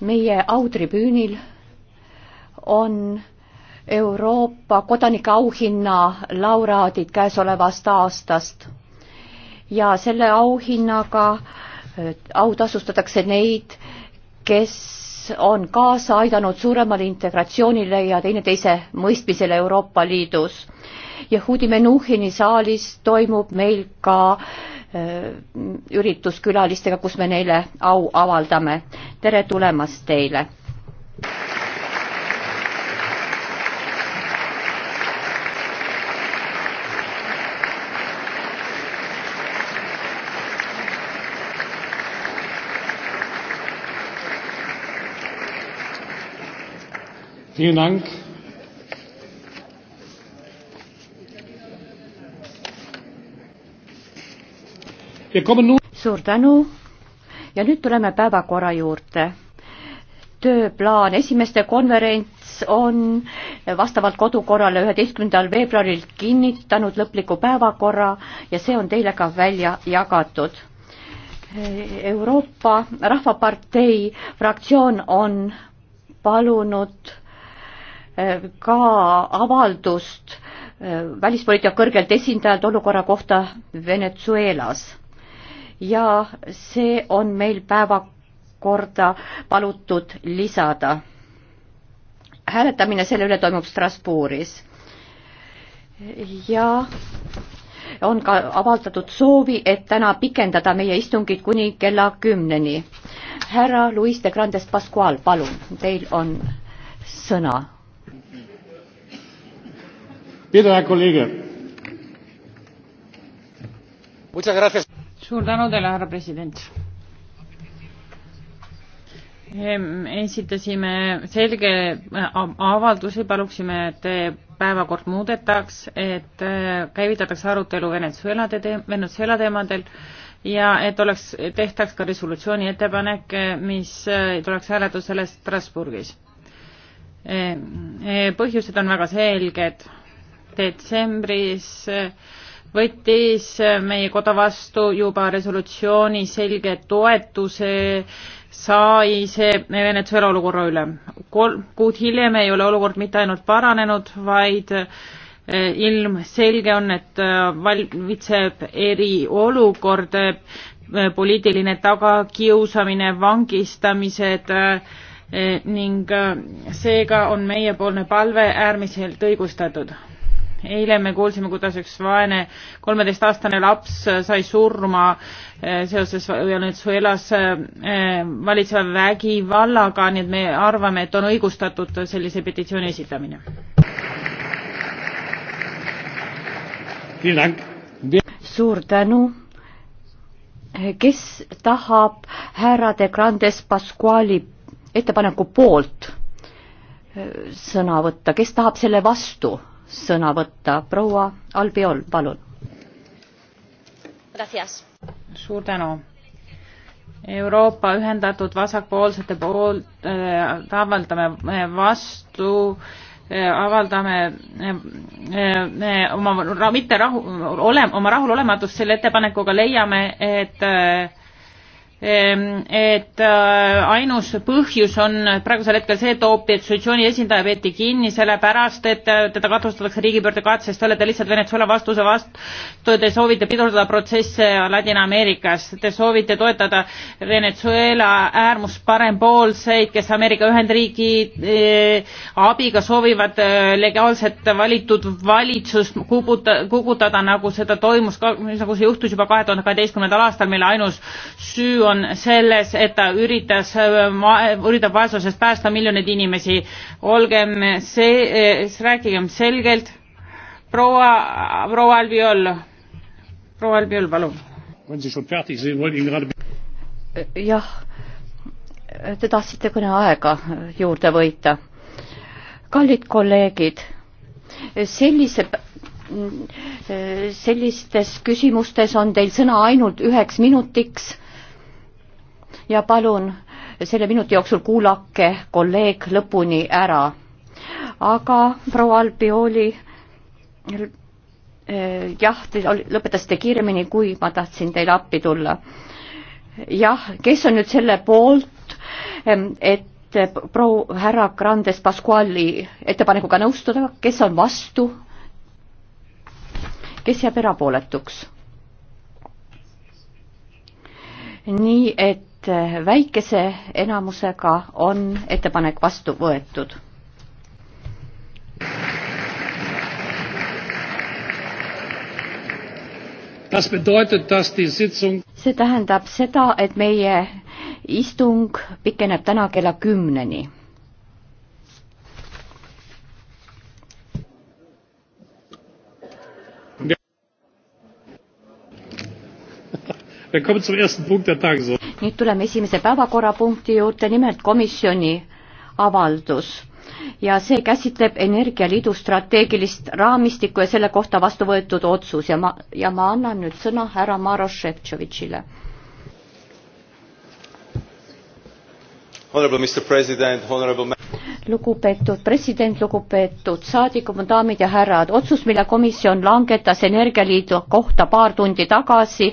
meie autribüünil on Euroopa kodanike auhinna laureaadid käesolevast aastast ja selle auhinnaga äh, autasustatakse neid, kes on kaasa aidanud suuremale integratsioonile ja teineteise mõistmisele Euroopa Liidus. Yehudi Menuhini saalis toimub meil ka äh, Äh, üritus külalistega, kus me neile au avaldame. tere tulemast teile! Vielen Dank. suur tänu ja nüüd tuleme päevakorra juurde. tööplaan, esimeste konverents on vastavalt kodukorrale üheteistkümnendal veebruaril kinnitanud lõpliku päevakorra ja see on teile ka välja jagatud. Euroopa Rahvapartei fraktsioon on palunud eh, ka avaldust eh, välispoliitika kõrgelt esindajalt olukorra kohta Venezuelas ja see on meil päevakorda palutud lisada. hääletamine selle üle toimub Strasbourgis. ja on ka avaldatud soovi, et täna pikendada meie istungit kuni kella kümneni. härra Luis de Grandes Pascual, palun, teil on sõna. Peter, kolleeg suur tänu teile, härra president. esitasime selge äh, avalduse, paluksime, et päevakord muudetaks, et äh, käivitatakse arutelu Venezuela te-, Venezuela teemadel ja et oleks, tehtaks ka resolutsiooni ettepanek, äh, mis tuleks hääletusele Strasbourgis. põhjused on väga selged. detsembris võttis meie koda vastu juba resolutsiooni selge toetuse sai see Venezuela olukorra üle. kolm kuud hiljem ei ole olukord mitte ainult paranenud, vaid eh, ilmselge on, et eh, valitseb eriolukord, eh, poliitiline tagakiusamine, vangistamised ning seega on meiepoolne palve äärmiselt õigustatud eile me kuulsime, kuidas üks vaene kolmeteistaastane laps sai surma eh, seoses Venezuelas eh, valitseva vägivallaga, nii et me arvame, et on õigustatud sellise petitsiooni esitamine. suur tänu. kes tahab härra De Grandes Pascuali ettepaneku poolt eh, sõna võtta, kes tahab selle vastu? sõna võtta. proua Albiol, palun. suur tänu. Euroopa ühendatud vasakpoolsete poolt äh, avaldame äh, vastu äh, avaldame äh, äh, äh oma mitte rahu, ole, oma rahulolematust selle ettepanekuga, leiame, et äh, Ehm, et äh, ainus põhjus on praegusel hetkel see, et opositsiooni esindaja peeti kinni sellepärast, et äh, teda kahtlustatakse riigipöördekatsest, te olete lihtsalt Venezuela vastuse vastu, te soovite pidurdada protsesse Ladina-Ameerikas, te soovite toetada Venezuela äärmusparempoolseid, kes Ameerika Ühendriigi äh, abiga soovivad legaalset valitud valitsust kukuta, kukutada, nagu seda toimus, nagu see juhtus juba kahe tuhande kaheteistkümnendal aastal, mille ainus süü on selles, et ta üritas, üritab vaesusest päästa miljoneid inimesi. olgem see, eh, rääkigem selgelt. proua, proua Albiol, proua Albiol, palun. jah, te tahtsite kõneaega juurde võita. kallid kolleegid, sellise sellistes küsimustes on teil sõna ainult üheks minutiks ja palun selle minuti jooksul kuulake kolleeg lõpuni ära. aga proua Albioli eh, jah, te lõpetasite kiiremini, kui ma tahtsin teile appi tulla. jah, kes on nüüd selle poolt, et proua härra Grandes Pascuali ettepanekuga nõustuda, kes on vastu? kes jääb erapooletuks? nii et et väikese enamusega on ettepanek vastu võetud. see tähendab seda, et meie istung pikeneb täna kella kümneni Wir kommen zum ersten Punkt der Tagesordnung nüüd tuleme esimese päevakorrapunkti juurde, nimelt komisjoni avaldus ja see käsitleb Energialiidu strateegilist raamistikku ja selle kohta vastu võetud otsus ja ma, ja ma annan nüüd sõna härra Maros Šefčovitšile. lugupeetud president, lugupeetud saadikud, daamid ja härrad, otsus, mille komisjon langetas Energialiidu kohta paar tundi tagasi,